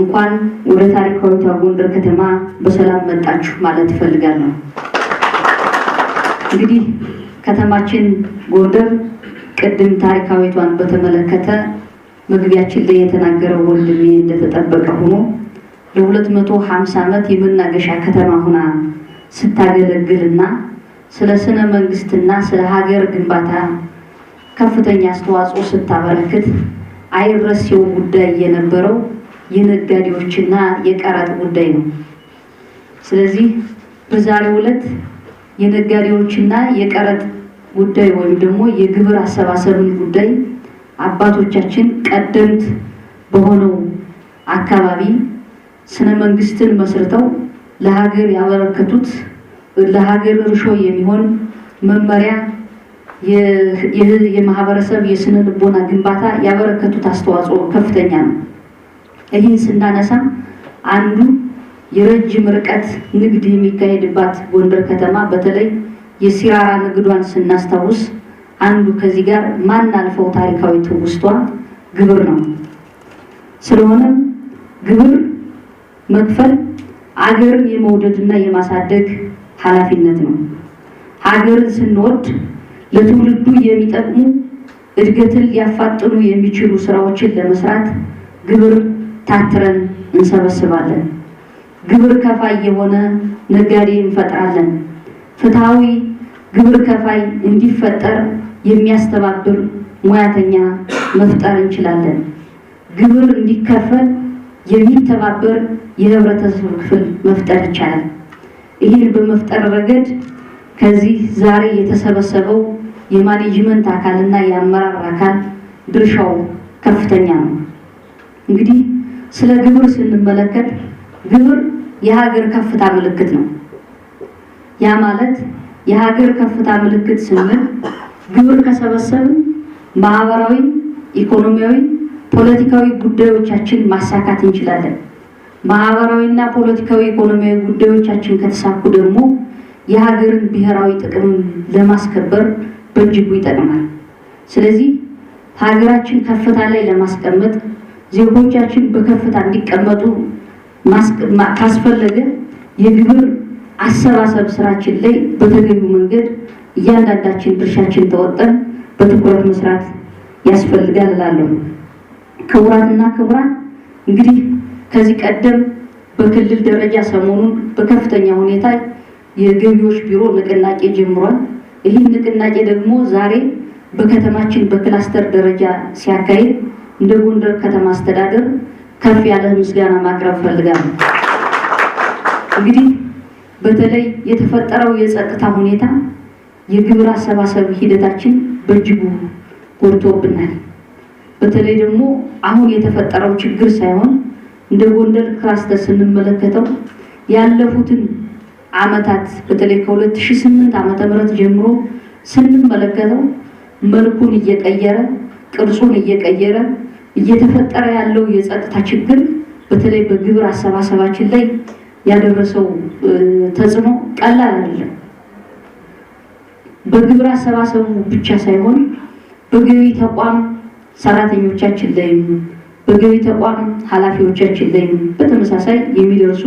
እንኳን ወደ ታሪካዊቷ ጎንደር ከተማ በሰላም መጣችሁ ማለት እፈልጋለሁ። እንግዲህ ከተማችን ጎንደር ቅድም ታሪካዊቷን በተመለከተ መግቢያችን ላይ የተናገረው ወንድሜ እንደተጠበቀ ሆኖ ለሁለት መቶ ሀምሳ ዓመት የመናገሻ ከተማ ሆና ስታገለግልና ስለ ስነ መንግስትና ስለ ሀገር ግንባታ ከፍተኛ አስተዋጽኦ ስታበረክት አይረሴው ጉዳይ የነበረው የነጋዴዎችና የቀረጥ ጉዳይ ነው። ስለዚህ በዛሬው ዕለት የነጋዴዎችና የቀረጥ ጉዳይ ወይም ደግሞ የግብር አሰባሰብን ጉዳይ አባቶቻችን ቀደምት በሆነው አካባቢ ስነ መንግስትን መስርተው ለሀገር ያበረከቱት ለሀገር እርሾ የሚሆን መመሪያ የማህበረሰብ የስነ ልቦና ግንባታ ያበረከቱት አስተዋጽኦ ከፍተኛ ነው። ይህን ስናነሳ አንዱ የረጅም ርቀት ንግድ የሚካሄድባት ጎንደር ከተማ በተለይ የሲራራ ንግዷን ስናስታውስ አንዱ ከዚህ ጋር ማናልፈው ታሪካዊ ትውስቷ ግብር ነው። ስለሆነም ግብር መክፈል አገርን የመውደድና የማሳደግ ኃላፊነት ነው። ሀገርን ስንወድ ለትውልዱ የሚጠቅሙ እድገትን ሊያፋጥኑ የሚችሉ ስራዎችን ለመስራት ግብር ታትረን እንሰበስባለን። ግብር ከፋይ የሆነ ነጋዴ እንፈጥራለን። ፍትሐዊ ግብር ከፋይ እንዲፈጠር የሚያስተባብር ሙያተኛ መፍጠር እንችላለን። ግብር እንዲከፈል የሚተባበር የህብረተሰብ ክፍል መፍጠር ይቻላል። ይህን በመፍጠር ረገድ ከዚህ ዛሬ የተሰበሰበው የማኔጅመንት አካልና የአመራር አካል ድርሻው ከፍተኛ ነው። እንግዲህ ስለ ግብር ስንመለከት ግብር የሀገር ከፍታ ምልክት ነው። ያ ማለት የሀገር ከፍታ ምልክት ስንል ግብር ከሰበሰብን ማህበራዊ፣ ኢኮኖሚያዊ፣ ፖለቲካዊ ጉዳዮቻችን ማሳካት እንችላለን። ማህበራዊና ፖለቲካዊ፣ ኢኮኖሚያዊ ጉዳዮቻችን ከተሳኩ ደግሞ የሀገርን ብሔራዊ ጥቅም ለማስከበር በእጅጉ ይጠቅማል። ስለዚህ ሀገራችን ከፍታ ላይ ለማስቀመጥ ዜጎቻችን በከፍታ እንዲቀመጡ ካስፈለገ የግብር አሰባሰብ ስራችን ላይ በተገቢው መንገድ እያንዳንዳችን ድርሻችን ተወጠን በትኩረት መስራት ያስፈልጋል እላለሁ። ክቡራትና ክቡራን እንግዲህ ከዚህ ቀደም በክልል ደረጃ ሰሞኑን በከፍተኛ ሁኔታ የገቢዎች ቢሮ ንቅናቄ ጀምሯል። ይህ ንቅናቄ ደግሞ ዛሬ በከተማችን በክላስተር ደረጃ ሲያካሂድ እንደ ጎንደር ከተማ አስተዳደር ከፍ ያለ ምስጋና ማቅረብ ፈልጋለሁ። እንግዲህ በተለይ የተፈጠረው የጸጥታ ሁኔታ የግብር አሰባሰብ ሂደታችን በእጅጉ ጎድቶብናል። በተለይ ደግሞ አሁን የተፈጠረው ችግር ሳይሆን እንደ ጎንደር ክላስተር ስንመለከተው ያለፉትን ዓመታት በተለይ ከ2008 ዓመተ ምህረት ጀምሮ ስንመለከተው መልኩን እየቀየረ ቅርጹን እየቀየረ እየተፈጠረ ያለው የጸጥታ ችግር በተለይ በግብር አሰባሰባችን ላይ ያደረሰው ተጽዕኖ ቀላል አይደለም። በግብር አሰባሰቡ ብቻ ሳይሆን በገቢ ተቋም ሰራተኞቻችን ላይም በገቢ ተቋም ኃላፊዎቻችን ላይም በተመሳሳይ የሚደርሱ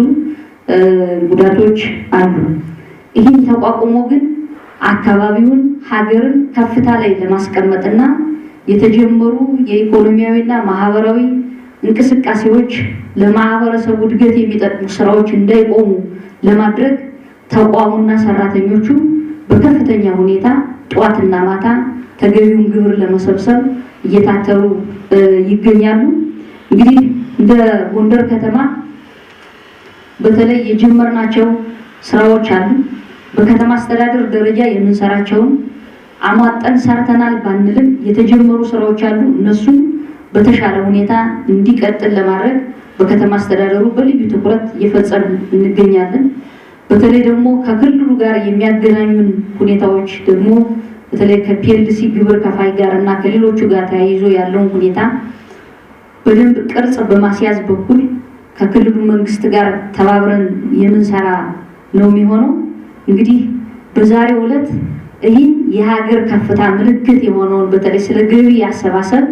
ጉዳቶች አሉ። ይህን ተቋቁሞ ግን አካባቢውን ሀገርን ከፍታ ላይ ለማስቀመጥና የተጀመሩ የኢኮኖሚያዊና ማህበራዊ እንቅስቃሴዎች ለማህበረሰቡ እድገት የሚጠቅሙ ስራዎች እንዳይቆሙ ለማድረግ ተቋሙና ሰራተኞቹ በከፍተኛ ሁኔታ ጠዋትና ማታ ተገቢውን ግብር ለመሰብሰብ እየታተሩ ይገኛሉ። እንግዲህ እንደ ጎንደር ከተማ በተለይ የጀመርናቸው ስራዎች አሉ። በከተማ አስተዳደር ደረጃ የምንሰራቸውን አሟጠን ሰርተናል ባንልም የተጀመሩ ስራዎች አሉ። እነሱም በተሻለ ሁኔታ እንዲቀጥል ለማድረግ በከተማ አስተዳደሩ በልዩ ትኩረት እየፈጸም እንገኛለን። በተለይ ደግሞ ከክልሉ ጋር የሚያገናኙን ሁኔታዎች ደግሞ በተለይ ከፒኤልሲ ግብር ከፋይ ጋር እና ከሌሎቹ ጋር ተያይዞ ያለውን ሁኔታ በደንብ ቅርጽ በማስያዝ በኩል ከክልሉ መንግስት ጋር ተባብረን የምንሰራ ነው የሚሆነው። እንግዲህ በዛሬው ዕለት ይህን የሀገር ከፍታ ምልክት የሆነውን በተለይ ስለ ገቢ አሰባሰብ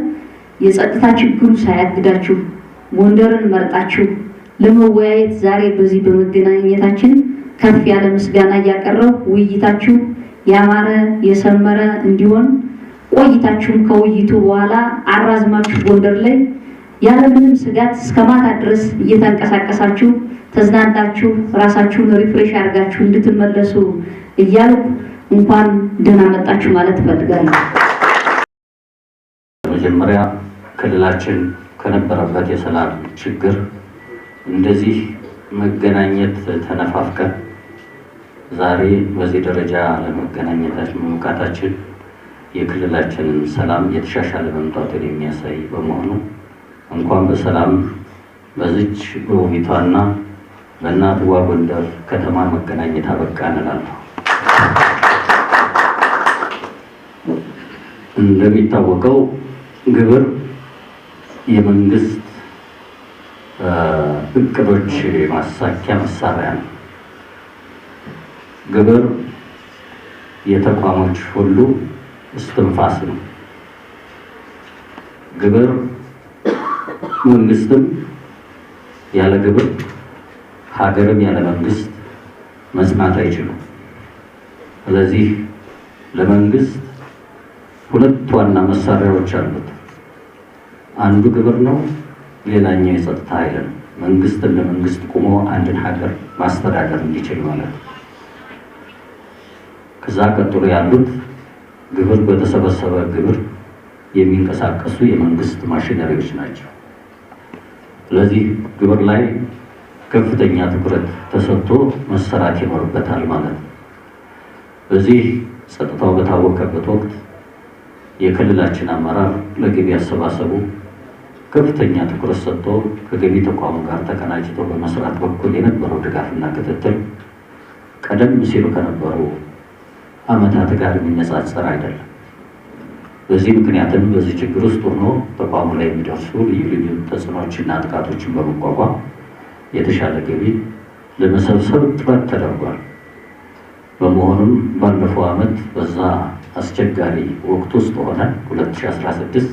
የጸጥታ ችግሩ ሳያግዳችሁ ጎንደርን መርጣችሁ ለመወያየት ዛሬ በዚህ በመገናኘታችን ከፍ ያለ ምስጋና እያቀረብ ውይይታችሁ ያማረ የሰመረ እንዲሆን ቆይታችሁም ከውይይቱ በኋላ አራዝማችሁ ጎንደር ላይ ያለምንም ስጋት እስከ ማታ ድረስ እየተንቀሳቀሳችሁ ተዝናንታችሁ ራሳችሁን ሪፍሬሽ አድርጋችሁ እንድትመለሱ እያልኩ እንኳን ደህና መጣችሁ ማለት እፈልጋለሁ። መጀመሪያ ክልላችን ከነበረበት የሰላም ችግር እንደዚህ መገናኘት ተነፋፍቀን ዛሬ በዚህ ደረጃ ለመገናኘታችን መብቃታችን የክልላችንን ሰላም የተሻሻለ መምጣቱን የሚያሳይ በመሆኑ እንኳን በሰላም በዚች በውቢቷና በእናትዋ ጎንደር ከተማ መገናኘት አበቃ እላለሁ። እንደሚታወቀው ግብር የመንግስት እቅዶች ማሳኪያ መሳሪያ ነው። ግብር የተቋሞች ሁሉ እስትንፋስ ነው። ግብር መንግስትም ያለ ግብር ሀገርም ያለ መንግስት መጽናት አይችሉም። ስለዚህ ለመንግስት ሁለት ዋና መሳሪያዎች አሉት። አንዱ ግብር ነው፣ ሌላኛው የጸጥታ ኃይል ነው። መንግስትን ለመንግስት ቁሞ አንድን ሀገር ማስተዳደር እንዲችል ማለት ነው። ከዛ ቀጥሎ ያሉት ግብር በተሰበሰበ ግብር የሚንቀሳቀሱ የመንግስት ማሽነሪዎች ናቸው። ስለዚህ ግብር ላይ ከፍተኛ ትኩረት ተሰጥቶ መሰራት ይኖርበታል ማለት ነው። በዚህ ጸጥታው በታወቀበት ወቅት የክልላችን አመራር ለገቢ አሰባሰቡ ከፍተኛ ትኩረት ሰጥቶ ከገቢ ተቋሙ ጋር ተቀናጅቶ በመስራት በኩል የነበረው ድጋፍና ክትትል ቀደም ሲሉ ከነበሩ ዓመታት ጋር የሚነጻጸር አይደለም። በዚህ ምክንያትም በዚህ ችግር ውስጥ ሆኖ ተቋሙ ላይ የሚደርሱ ልዩ ልዩ ተጽዕኖችና ጥቃቶችን በመቋቋም የተሻለ ገቢ ለመሰብሰብ ጥረት ተደርጓል። በመሆኑም ባለፈው ዓመት በዛ አስቸጋሪ ወቅት ውስጥ ሆነ 2016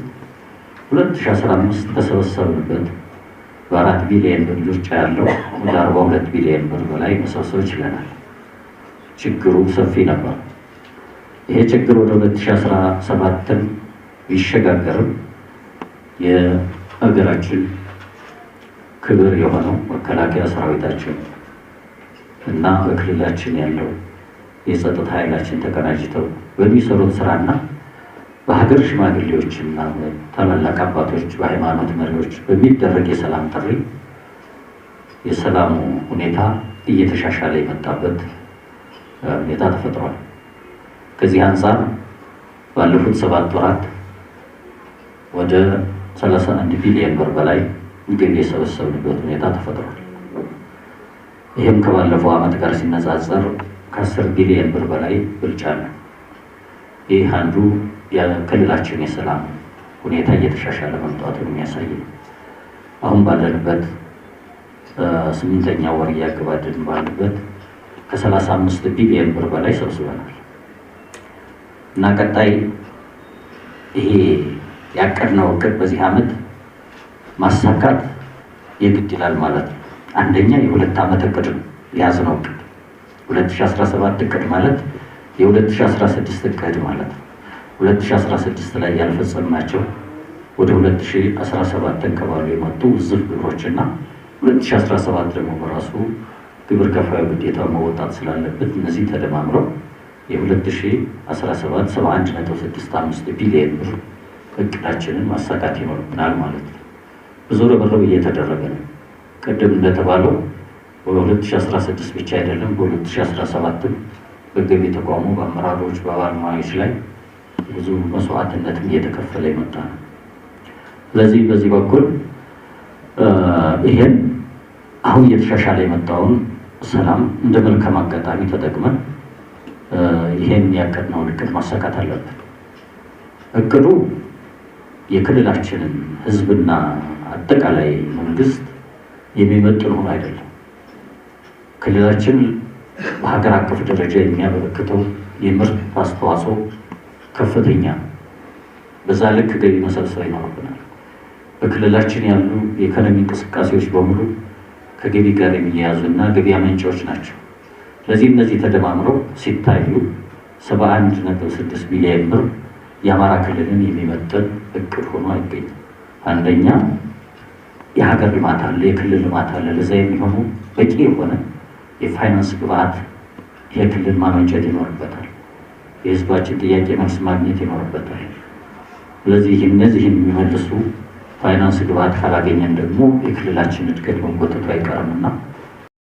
2015 ተሰበሰብንበት በአራት ቢሊየን ብር ብቻ ያለው ወደ 42 ቢሊየን ብር በላይ መሰብሰብ ችለናል። ችግሩ ሰፊ ነበር። ይሄ ችግር ወደ 2017 ቢሸጋገርም የሀገራችን ክብር የሆነው መከላከያ ሰራዊታችን እና በክልላችን ያለው የጸጥታ ኃይላችን ተቀናጅተው በሚሰሩት ስራና በሀገር ሽማግሌዎችና ታላላቅ አባቶች፣ በሃይማኖት መሪዎች በሚደረግ የሰላም ጥሪ የሰላሙ ሁኔታ እየተሻሻለ የመጣበት ሁኔታ ተፈጥሯል። ከዚህ አንጻር ባለፉት ሰባት ወራት ወደ 31 ቢሊዮን ብር በላይ ገቢ የሰበሰብንበት ሁኔታ ተፈጥሯል። ይህም ከባለፈው ዓመት ጋር ሲነጻጸር ከአስር ቢሊየን ብር በላይ ብልጫ ነው። ይህ አንዱ የክልላችን የሰላም ሁኔታ እየተሻሻለ መምጣቱን የሚያሳይ ነው። አሁን ባለንበት ስምንተኛ ወር እያገባድን ባለበት ከ35 ቢሊየን ብር በላይ ሰብስበናል እና ቀጣይ ይሄ ያቀድነው እቅድ በዚህ ዓመት ማሳካት የግድ ይላል ማለት ነው። አንደኛ የሁለት ዓመት እቅድ ነው የያዝነው 2017 እቅድ ማለት የ2016 እቅድ ማለት ነው። 2016 ላይ ያልፈጸምናቸው ወደ 2017 አካባቢ የመጡ ውዝፍ ግብሮችና 2017 ደግሞ በራሱ ግብር ከፋዩ ግዴታ መወጣት ስላለበት እነዚህ ተደማምረው የ2017 71.65 ቢሊየን ብር እቅዳችንን ማሳካት ይኖርብናል ማለት ነው። ብዙ ርብርብ እየተደረገ ነው። ቅድም እንደተባለው በ2016 ብቻ አይደለም በ2017ም በገቢ ተቋሙ በአመራሮች በባለሙያዎች ላይ ብዙ መስዋዕትነትም እየተከፈለ የመጣ ነው። ስለዚህ በዚህ በኩል ይሄን አሁን እየተሻሻለ የመጣውን ሰላም እንደ መልካም አጋጣሚ ተጠቅመን ይሄን ያቀድነውን እቅድ ማሳካት አለብን። እቅዱ የክልላችንን ሕዝብና አጠቃላይ መንግስት የሚመጥን ሆኖ አይደለም። ክልላችን በሀገር አቀፍ ደረጃ የሚያበረክተው የምርት አስተዋጽኦ ከፍተኛ፣ በዛ ልክ ገቢ መሰብሰብ ይኖርብናል። በክልላችን ያሉ የኢኮኖሚ እንቅስቃሴዎች በሙሉ ከገቢ ጋር የሚያያዙ እና ገቢ አመንጫዎች ናቸው። ስለዚህ እነዚህ ተደማምረው ሲታዩ ሰባ አንድ ነጥብ ስድስት ቢሊዮን ብር የአማራ ክልልን የሚመጥን እቅድ ሆኖ አይገኝም። አንደኛ የሀገር ልማት አለ፣ የክልል ልማት አለ። ለዛ የሚሆኑ በቂ የሆነ የፋይናንስ ግብአት የክልል ማመንጨት ይኖርበታል። የህዝባችን ጥያቄ መልስ ማግኘት ይኖርበታል። ስለዚህ እነዚህን የሚመልሱ ፋይናንስ ግብአት ካላገኘን ደግሞ የክልላችን እድገት መንጎተቱ አይቀርምና